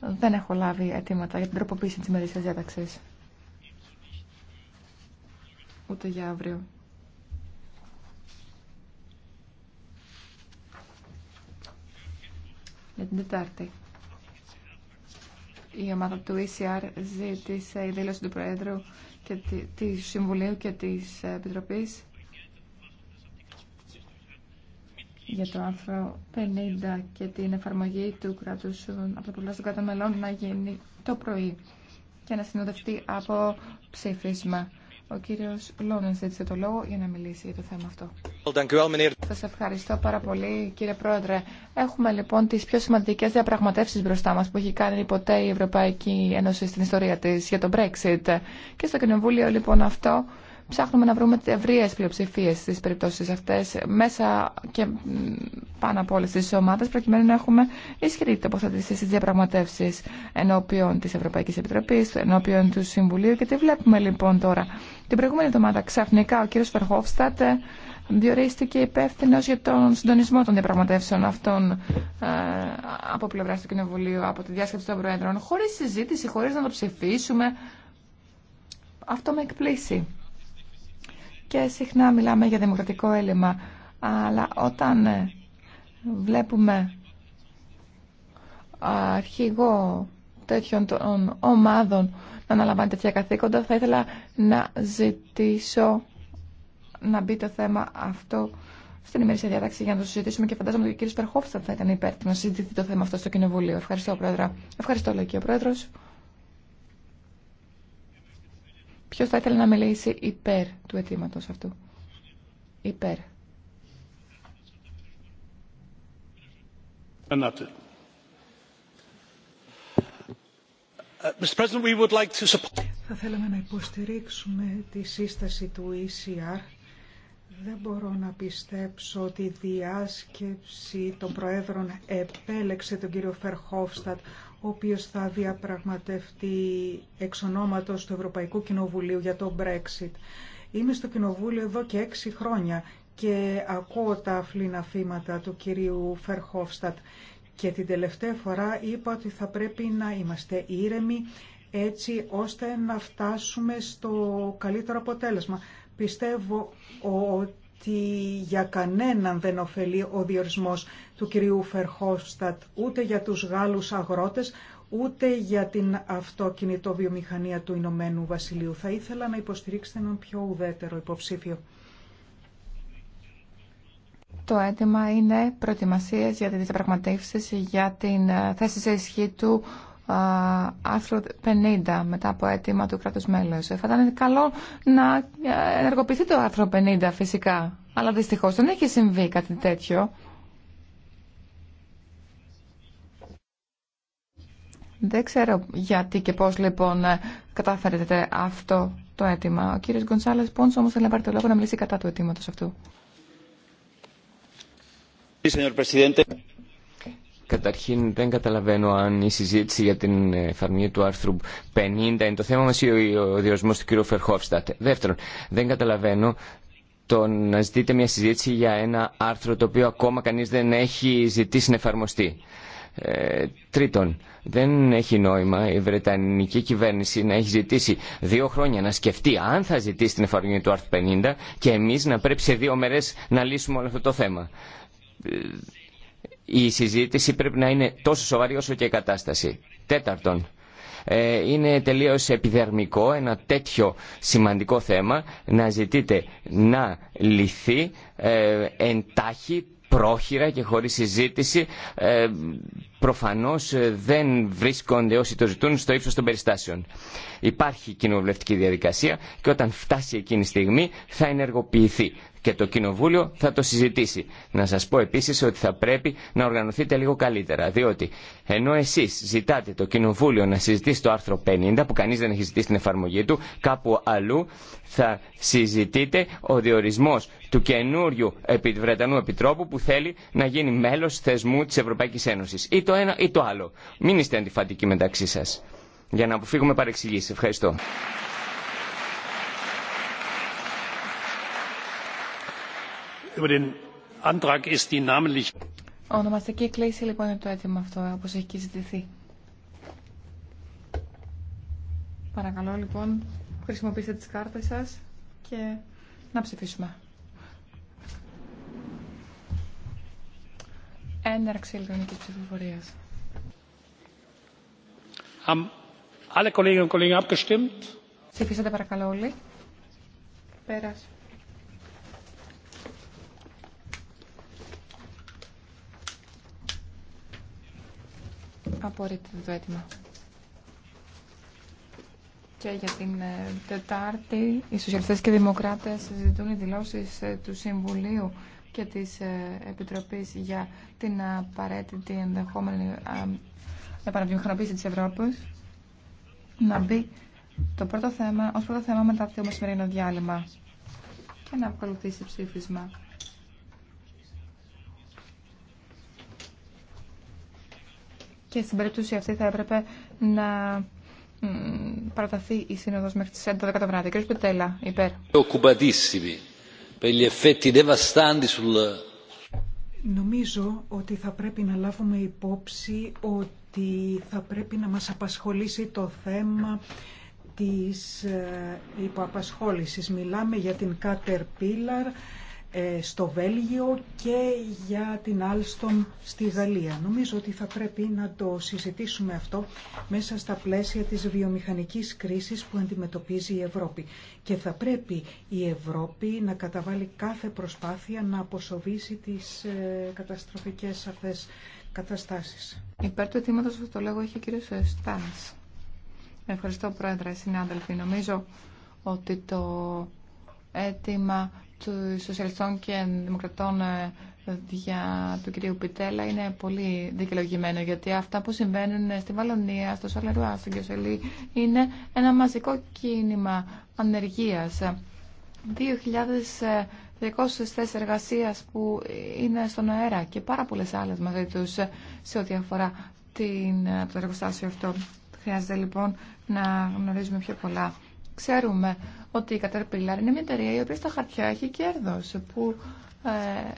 Δεν έχω λάβει αιτήματα για την τροποποίηση της ημερήσιας διάταξης. Ούτε για αύριο. Για την Τετάρτη. Η ομάδα του ECR ζήτησε η δήλωση του Προέδρου και του Συμβουλίου και της Επιτροπής για το άρθρο 50 και την εφαρμογή του κράτου από το των μελών να γίνει το πρωί και να συνοδευτεί από ψήφισμα. Ο κύριο Λόνεν ζήτησε το λόγο για να μιλήσει για το θέμα αυτό. Σα ευχαριστώ πάρα πολύ κύριε Πρόεδρε. Έχουμε λοιπόν τι πιο σημαντικέ διαπραγματεύσει μπροστά μα που έχει κάνει ποτέ η Ευρωπαϊκή Ένωση στην ιστορία τη, για το Brexit. Και στο Κοινοβούλιο λοιπόν αυτό ψάχνουμε να βρούμε ευρείε πλειοψηφίε στι περιπτώσει αυτέ μέσα και πάνω από όλε τι ομάδε, προκειμένου να έχουμε ισχυρή τοποθέτηση στι διαπραγματεύσει ενώπιον τη Ευρωπαϊκή Επιτροπή, ενώπιον του Συμβουλίου. Και τι βλέπουμε λοιπόν τώρα. Την προηγούμενη εβδομάδα ξαφνικά ο κ. Φερχόφστατ ε, διορίστηκε υπεύθυνο για τον συντονισμό των διαπραγματεύσεων αυτών ε, από πλευρά του Κοινοβουλίου, από τη διάσκεψη των Προέδρων, χωρί συζήτηση, χωρί να το ψηφίσουμε. Αυτό με εκπλήσει και συχνά μιλάμε για δημοκρατικό έλλειμμα. Αλλά όταν ε, βλέπουμε αρχηγό τέτοιων των ομάδων να αναλαμβάνει τέτοια καθήκοντα, θα ήθελα να ζητήσω να μπει το θέμα αυτό στην ημερήσια διάταξη για να το συζητήσουμε και φαντάζομαι ότι ο κ. Περχόφστα θα ήταν υπέρ να συζητηθεί το θέμα αυτό στο Κοινοβούλιο. Ευχαριστώ, Πρόεδρα. Ευχαριστώ, λέει και ο Πρόεδρος. Ποιος θα ήθελε να μιλήσει υπέρ του αιτήματο αυτού. Υπέρ. Ε, θα θέλαμε να υποστηρίξουμε τη σύσταση του ECR. Δεν μπορώ να πιστέψω ότι η διάσκεψη των Προέδρων επέλεξε τον κύριο Φερχόφστατ ο οποίος θα διαπραγματευτεί εξ ονόματος του Ευρωπαϊκού Κοινοβουλίου για το Brexit. Είμαι στο Κοινοβούλιο εδώ και έξι χρόνια και ακούω τα αφλήνα θύματα του κυρίου Φερχόφστατ και την τελευταία φορά είπα ότι θα πρέπει να είμαστε ήρεμοι έτσι ώστε να φτάσουμε στο καλύτερο αποτέλεσμα. Πιστεύω ότι ότι για κανέναν δεν ωφελεί ο διορισμός του κυρίου Φερχόστατ ούτε για τους Γάλλους αγρότες, ούτε για την αυτοκινητοβιομηχανία του Ηνωμένου Βασιλείου. Θα ήθελα να υποστηρίξετε έναν πιο ουδέτερο υποψήφιο. Το αίτημα είναι προετοιμασίες για τις διαπραγματεύσεις για την ε, θέση σε ισχύ του άρθρο 50 μετά από αίτημα του κράτους μέλους. Ε, θα ήταν καλό να ε, ενεργοποιηθεί το άρθρο 50 φυσικά, αλλά δυστυχώς δεν έχει συμβεί κάτι τέτοιο. Δεν ξέρω γιατί και πώς λοιπόν ε, καταφέρετε αυτό το αίτημα. Ο κύριος Γκονσάλες Πόνς όμως θέλει να πάρει το λόγο να μιλήσει κατά του αιτήματος αυτού. Καταρχήν δεν καταλαβαίνω αν η συζήτηση για την εφαρμογή του άρθρου 50 είναι το θέμα μας ή ο διορισμός του κ. Φερχόφστατ. Δεύτερον, δεν καταλαβαίνω το να ζητείτε μια συζήτηση για ένα άρθρο το οποίο ακόμα κανείς δεν έχει ζητήσει να εφαρμοστεί. Ε, τρίτον, δεν έχει νόημα η Βρετανική κυβέρνηση να έχει ζητήσει δύο χρόνια να σκεφτεί αν θα ζητήσει την εφαρμογή του άρθρου 50 και εμείς να πρέπει σε δύο μέρες να λύσουμε όλο αυτό το θέμα. Ε, η συζήτηση πρέπει να είναι τόσο σοβαρή όσο και η κατάσταση. Τέταρτον, ε, είναι τελείως επιδερμικό ένα τέτοιο σημαντικό θέμα να ζητείτε να λυθεί ε, εντάχει, πρόχειρα και χωρίς συζήτηση. Ε, προφανώς δεν βρίσκονται όσοι το ζητούν στο ύψος των περιστάσεων. Υπάρχει κοινοβουλευτική διαδικασία και όταν φτάσει εκείνη η στιγμή θα ενεργοποιηθεί και το Κοινοβούλιο θα το συζητήσει. Να σας πω επίσης ότι θα πρέπει να οργανωθείτε λίγο καλύτερα, διότι ενώ εσείς ζητάτε το Κοινοβούλιο να συζητήσει το άρθρο 50, που κανείς δεν έχει ζητήσει την εφαρμογή του, κάπου αλλού θα συζητείτε ο διορισμός του καινούριου Βρετανού Επιτρόπου που θέλει να γίνει μέλος θεσμού της Ευρωπαϊκής Ένωσης. Ή το ένα ή το άλλο. Μην είστε αντιφατικοί μεταξύ σας. Για να αποφύγουμε παρεξηγήσεις. Ευχαριστώ. Ονομαστική κλίση λοιπόν είναι το έτοιμο αυτό, όπως έχει και ζητηθεί. Παρακαλώ λοιπόν, χρησιμοποιήστε τις κάρτες σας και να ψηφίσουμε. Έναρξη ηλεκτρονικής ψηφοφορίας. Ψηφίσατε παρακαλώ όλοι. Πέρασε. Απορρίπτεται το αίτημα. Και για την ε, Τετάρτη, οι Σοσιαλιστές και οι Δημοκράτες συζητούν οι δηλώσεις ε, του Συμβουλίου και της ε, Επιτροπής για την απαραίτητη ενδεχόμενη επαναβιομηχανοποίηση της Ευρώπης να μπει το πρώτο θέμα, ως πρώτο θέμα μετά το μεσημερινό διάλειμμα και να ακολουθήσει ψήφισμα. και στην περίπτωση αυτή θα έπρεπε να παραταθεί η σύνοδο μέχρι τις 11 το βράδυ. Κύριος Πετέλα, υπέρ. Νομίζω ότι θα πρέπει να λάβουμε υπόψη ότι θα πρέπει να μας απασχολήσει το θέμα της ε, υποαπασχόλησης. Μιλάμε για την Caterpillar, ε, στο Βέλγιο και για την Άλστον στη Γαλλία. Νομίζω ότι θα πρέπει να το συζητήσουμε αυτό μέσα στα πλαίσια της βιομηχανικής κρίσης που αντιμετωπίζει η Ευρώπη. Και θα πρέπει η Ευρώπη να καταβάλει κάθε προσπάθεια να αποσοβήσει τις ε, καταστροφικές αυτές καταστάσεις. Υπέρ του αιτήματος αυτό το λέγω έχει ο κύριος ε, Στάνης. Ευχαριστώ Πρόεδρε, συνάδελφοι. Νομίζω ότι το αίτημα του Σοσιαλιστών και Δημοκρατών για ε, του κυρίου Πιτέλα είναι πολύ δικαιολογημένο γιατί αυτά που συμβαίνουν ε, στη Βαλονία, στο Σαλερουά, στην Κιωσελή είναι ένα μαζικό κίνημα ανεργίας. 2.200 θέσει εργασία που είναι στον αέρα και πάρα πολλέ άλλε μαζί του ε, σε ό,τι αφορά την, το εργοστάσιο αυτό. Χρειάζεται λοιπόν να γνωρίζουμε πιο πολλά Ξέρουμε ότι η Caterpillar είναι μια εταιρεία η οποία στα χαρτιά έχει κέρδος, που ε,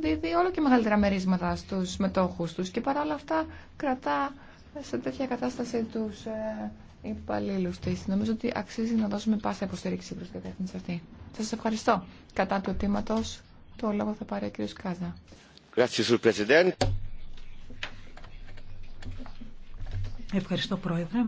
δίδει όλο και μεγαλύτερα μερίσματα στους μετόχους τους και παρά όλα αυτά κρατά σε τέτοια κατάσταση τους ε, υπαλλήλου τη. Νομίζω ότι αξίζει να δώσουμε πάσα υποστήριξη προς την κατεύθυνση αυτή. Σας ευχαριστώ. Κατά του αιτήματος, το λόγο θα πάρει ο κ. Κάζα. Ευχαριστώ Πρόεδρε.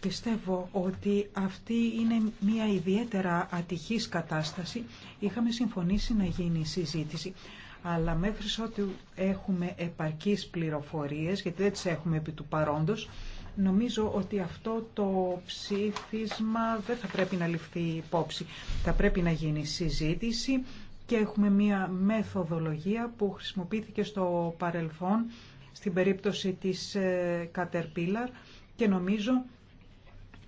Πιστεύω ότι αυτή είναι μια ιδιαίτερα ατυχής κατάσταση. Είχαμε συμφωνήσει να γίνει συζήτηση. Αλλά μέχρι ότι έχουμε επαρκείς πληροφορίες, γιατί δεν τις έχουμε επί του παρόντος, νομίζω ότι αυτό το ψήφισμα δεν θα πρέπει να ληφθεί υπόψη. Θα πρέπει να γίνει συζήτηση και έχουμε μια μεθοδολογία που χρησιμοποιήθηκε στο παρελθόν στην περίπτωση της ε, Caterpillar και νομίζω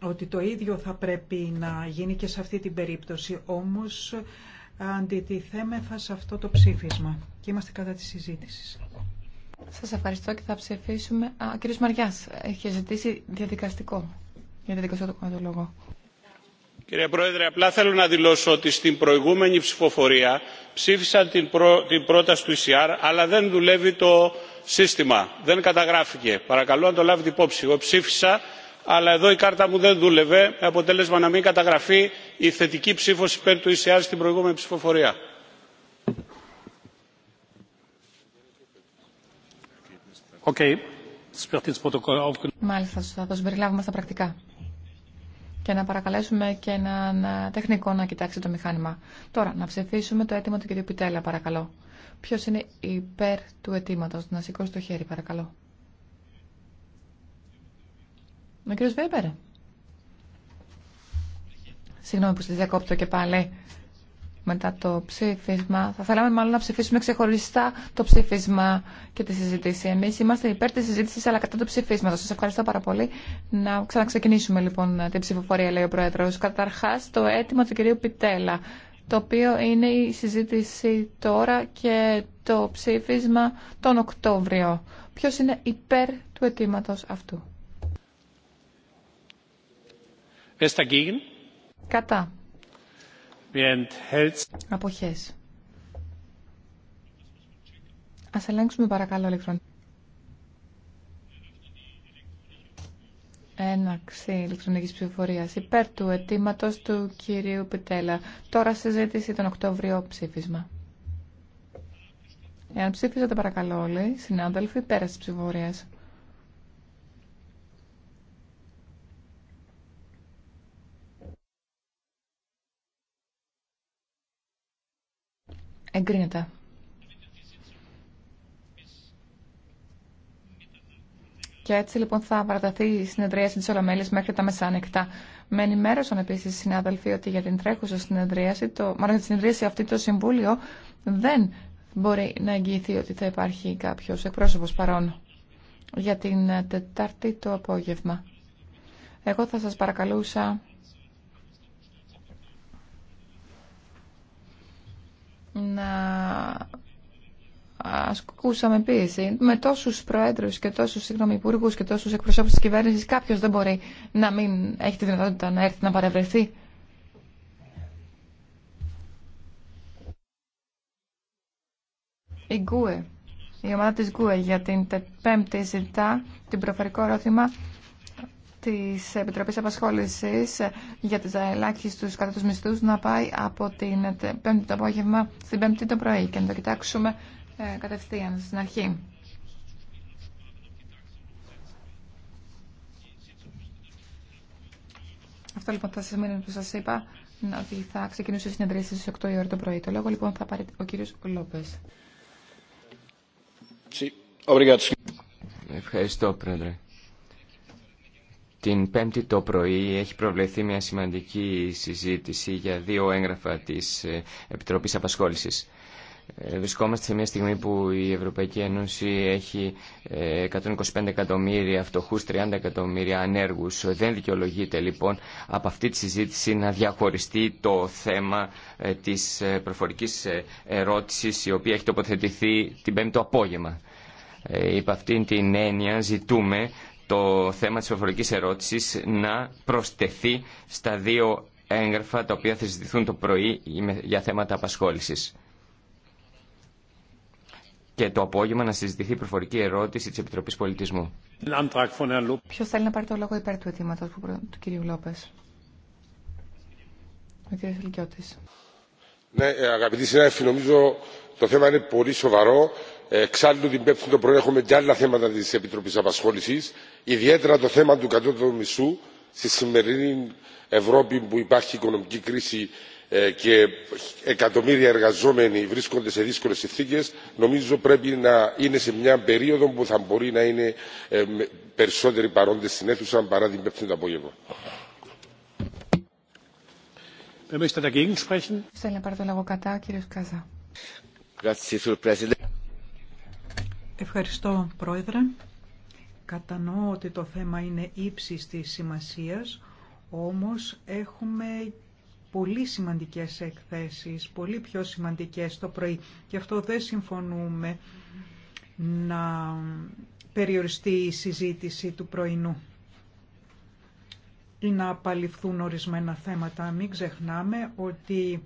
ότι το ίδιο θα πρέπει να γίνει και σε αυτή την περίπτωση. Όμως αντιτιθέμεθα σε αυτό το ψήφισμα και είμαστε κατά τη συζήτηση. Σας ευχαριστώ και θα ψηφίσουμε. Α, κύριος Μαριάς, έχει ζητήσει διαδικαστικό για διαδικαστικό το λόγο. Κύριε Πρόεδρε, απλά θέλω να δηλώσω ότι στην προηγούμενη ψηφοφορία ψήφισαν την, προ... πρόταση του ECR, αλλά δεν δουλεύει το σύστημα δεν καταγράφηκε. παρακαλώ να το λάβετε υπόψη. εγώ ψήφισα αλλά εδώ η κάρτα μου δεν δούλευε με αποτέλεσμα να μην καταγραφεί η θετική ψήφο υπέρ του ecr στην προηγούμενη ψηφοφορία. Μάλιστα, θα το συμπεριλάβουμε στα πρακτικά. Και να παρακαλέσουμε και έναν τεχνικό να κοιτάξει το μηχάνημα. Τώρα, να ψηφίσουμε το αίτημα του κ. Πιτέλα, παρακαλώ. Ποιο είναι υπέρ του αιτήματο Να σηκώσει το χέρι παρακαλώ. Ο κύριο Βέμπερ. Συγγνώμη που σα διακόπτω και πάλι μετά το ψήφισμα. Θα θέλαμε μάλλον να ψηφίσουμε ξεχωριστά το ψήφισμα και τη συζήτηση. Εμεί είμαστε υπέρ τη συζήτηση αλλά κατά το ψηφίσμα. Σα ευχαριστώ πάρα πολύ. Να ξαναξεκινήσουμε λοιπόν την ψηφοφορία, λέει ο Πρόεδρο. Καταρχά το αίτημα του κυρίου Πιτέλα το οποίο είναι η συζήτηση τώρα και το ψήφισμα τον Οκτώβριο. Ποιος είναι υπέρ του αιτήματο αυτού. Κατά. Αποχές. Ας ελέγξουμε παρακαλώ ηλεκτρονικά. έναρξη ηλεκτρονικής ψηφοφορίας υπέρ του αιτήματο του κυρίου Πιτέλα. Τώρα συζήτηση τον Οκτώβριο ψήφισμα. Εάν το παρακαλώ όλοι, συνάδελφοι, πέρα της ψηφοφορίας. Εγκρίνεται. Και έτσι λοιπόν θα παραταθεί η συνεδρίαση τη Ολομέλη μέχρι τα μεσάνυχτα. Με ενημέρωσαν επίση οι συνάδελφοι ότι για την τρέχουσα συνεδρίαση, το, μάλλον για τη συνεδρίαση αυτή, το Συμβούλιο δεν μπορεί να εγγυηθεί ότι θα υπάρχει κάποιο εκπρόσωπο παρόν για την Τετάρτη το απόγευμα. Εγώ θα σας παρακαλούσα να ασκούσαμε πίεση. Με τόσου προέδρου και τόσου υπουργού και τόσου εκπροσώπου τη κυβέρνηση, κάποιο δεν μπορεί να μην έχει τη δυνατότητα να έρθει να παρευρεθεί. Η ΓΚΟΕ, η ομάδα τη Γκουε για την πέμπτη ζητά την προφορικό ερώτημα τη Επιτροπή Απασχόλησης για τις αελάχιστους κατά τους μισθού, να πάει από την πέμπτη το απόγευμα στην πέμπτη το πρωί και να το κοιτάξουμε ε, κατευθείαν στην αρχή. Αυτό λοιπόν θα σημαίνει που σας είπα ότι θα ξεκινούσε η συνεδρία στις 8 η ώρα το πρωί. Το λόγο λοιπόν θα πάρει ο κύριος Λόπες. Ευχαριστώ πρόεδρε. Την Πέμπτη το πρωί έχει προβλεθεί μια σημαντική συζήτηση για δύο έγγραφα της ε, Επιτροπής Απασχόλησης. Ε, βρισκόμαστε σε μια στιγμή που η Ευρωπαϊκή Ένωση έχει 125 ε, εκατομμύρια φτωχούς, 30 εκατομμύρια ανέργους. Δεν δικαιολογείται λοιπόν από αυτή τη συζήτηση να διαχωριστεί το θέμα ε, της προφορικής ερώτησης η οποία έχει τοποθετηθεί την πέμπτη το απόγευμα. Υπ' αυτήν την έννοια ζητούμε το θέμα της προφορικής ερώτησης να προστεθεί στα δύο έγγραφα τα οποία θα συζητηθούν το πρωί για θέματα απασχόλησης και το απόγευμα να συζητηθεί η προφορική ερώτηση τη Επιτροπή Πολιτισμού. Ποιο θέλει να πάρει το λόγο υπέρ του αιτήματο του, του κυρίου Λόπε. Ο κ. Ηλικιώτη. Ναι, ε, αγαπητοί συνάδελφοι, νομίζω το θέμα είναι πολύ σοβαρό. Εξάλλου την Πέμπτη το πρωί έχουμε και άλλα θέματα τη Επιτροπή Απασχόληση. Ιδιαίτερα το θέμα του κατώτατου μισού στη σημερινή Ευρώπη που υπάρχει οικονομική κρίση ε, και εκατομμύρια εργαζόμενοι βρίσκονται σε δύσκολε συνθήκε νομίζω πρέπει να είναι σε μια περίοδο που θα μπορεί να είναι ε, περισσότεροι παρόντε στην αίθουσα παρά την πέμπτη το απόγευμα. Ευχαριστώ, Πρόεδρε. Κατανοώ ότι το θέμα είναι ύψης της σημασίας, όμως έχουμε πολύ σημαντικές εκθέσεις, πολύ πιο σημαντικές το πρωί. Γι' αυτό δεν συμφωνούμε να περιοριστεί η συζήτηση του πρωινού ή να απαλληφθούν ορισμένα θέματα. Μην ξεχνάμε ότι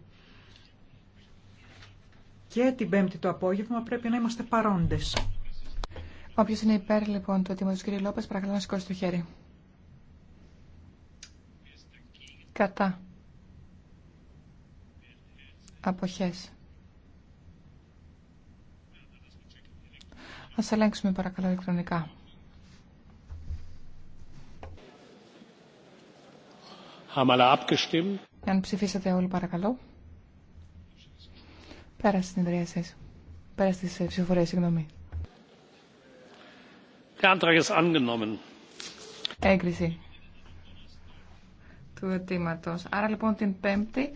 και την Πέμπτη το απόγευμα πρέπει να είμαστε παρόντες. Όποιος είναι υπέρ λοιπόν του αιτήματος του κ. Λόπες παρακαλώ να σηκώσει το χέρι. Κατά. Αποχές. Ας ελέγξουμε παρακαλώ ηλεκτρονικά. Αν ψηφίσατε όλοι παρακαλώ. Πέρα στην ιδρία σας. Πέρα στις ε, ψηφορές, συγγνώμη. Έγκριση του αιτήματος. Άρα λοιπόν την πέμπτη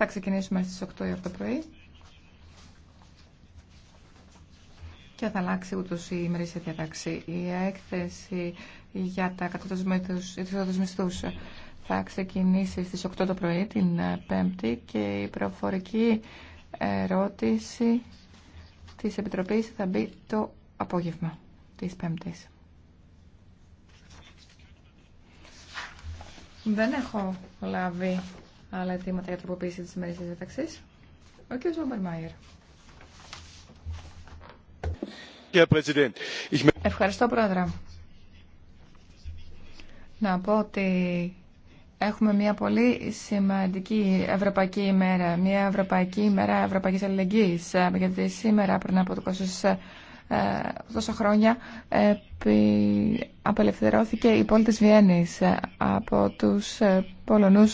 θα ξεκινήσουμε στις 8 το πρωί. Και θα αλλάξει ούτω η ημερήσια διατάξη. Η έκθεση για τα κατώτατου μισθού θα ξεκινήσει στις 8 το πρωί την ε, Πέμπτη και η προφορική ερώτηση της Επιτροπής θα μπει το απόγευμα της Πέμπτης. Δεν έχω λάβει άλλα αιτήματα για τροποποίηση της ημερήσιας διαταξής. Ο κ. Ομπερμάιερ. Ευχαριστώ, Πρόεδρε. Να πω ότι έχουμε μια πολύ σημαντική Ευρωπαϊκή ημέρα, μια Ευρωπαϊκή ημέρα Ευρωπαϊκής Αλληλεγγύης, ε, γιατί σήμερα πριν από το ε, τόσα χρόνια απελευθερώθηκε η πόλη της Βιέννης ε, από τους Πολωνούς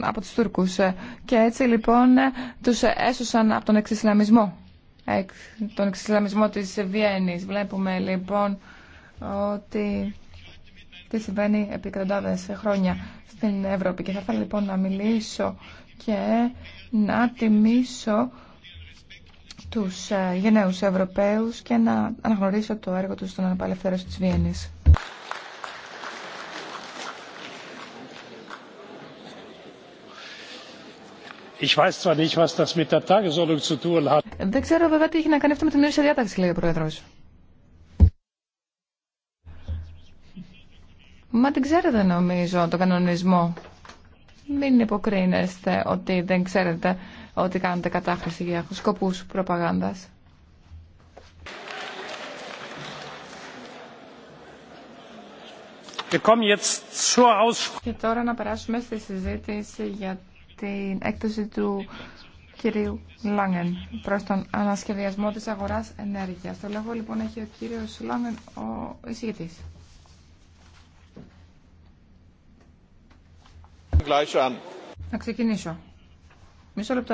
από τους Τούρκους. Ε, και έτσι λοιπόν τους έσωσαν από τον εξισλαμισμό, τον εξισλαμισμό της Βιέννης. Βλέπουμε λοιπόν ότι τι συμβαίνει επί χρόνια στην Ευρώπη. Και θα ήθελα λοιπόν να μιλήσω και να τιμήσω τους ε, γενναίους Ευρωπαίους και να αναγνωρίσω το έργο τους στον αναπαλευθέρωση της Βιέννης. Δεν ξέρω βέβαια τι έχει να κάνει αυτό με την ορίσια διάταξη, λέει ο Πρόεδρος. Μα την ξέρετε νομίζω τον κανονισμό. Μην υποκρίνεστε ότι δεν ξέρετε ότι κάνετε κατάχρηση για σκοπούς προπαγάνδας. Και τώρα να περάσουμε στη συζήτηση για την έκθεση του κυρίου Λάγεν. προς τον ανασχεδιασμό της αγοράς ενέργειας. Το λόγο λοιπόν έχει ο κύριος Λάγκεν, ο εισηγητής. Να ξεκινήσω. Μισό λεπτό.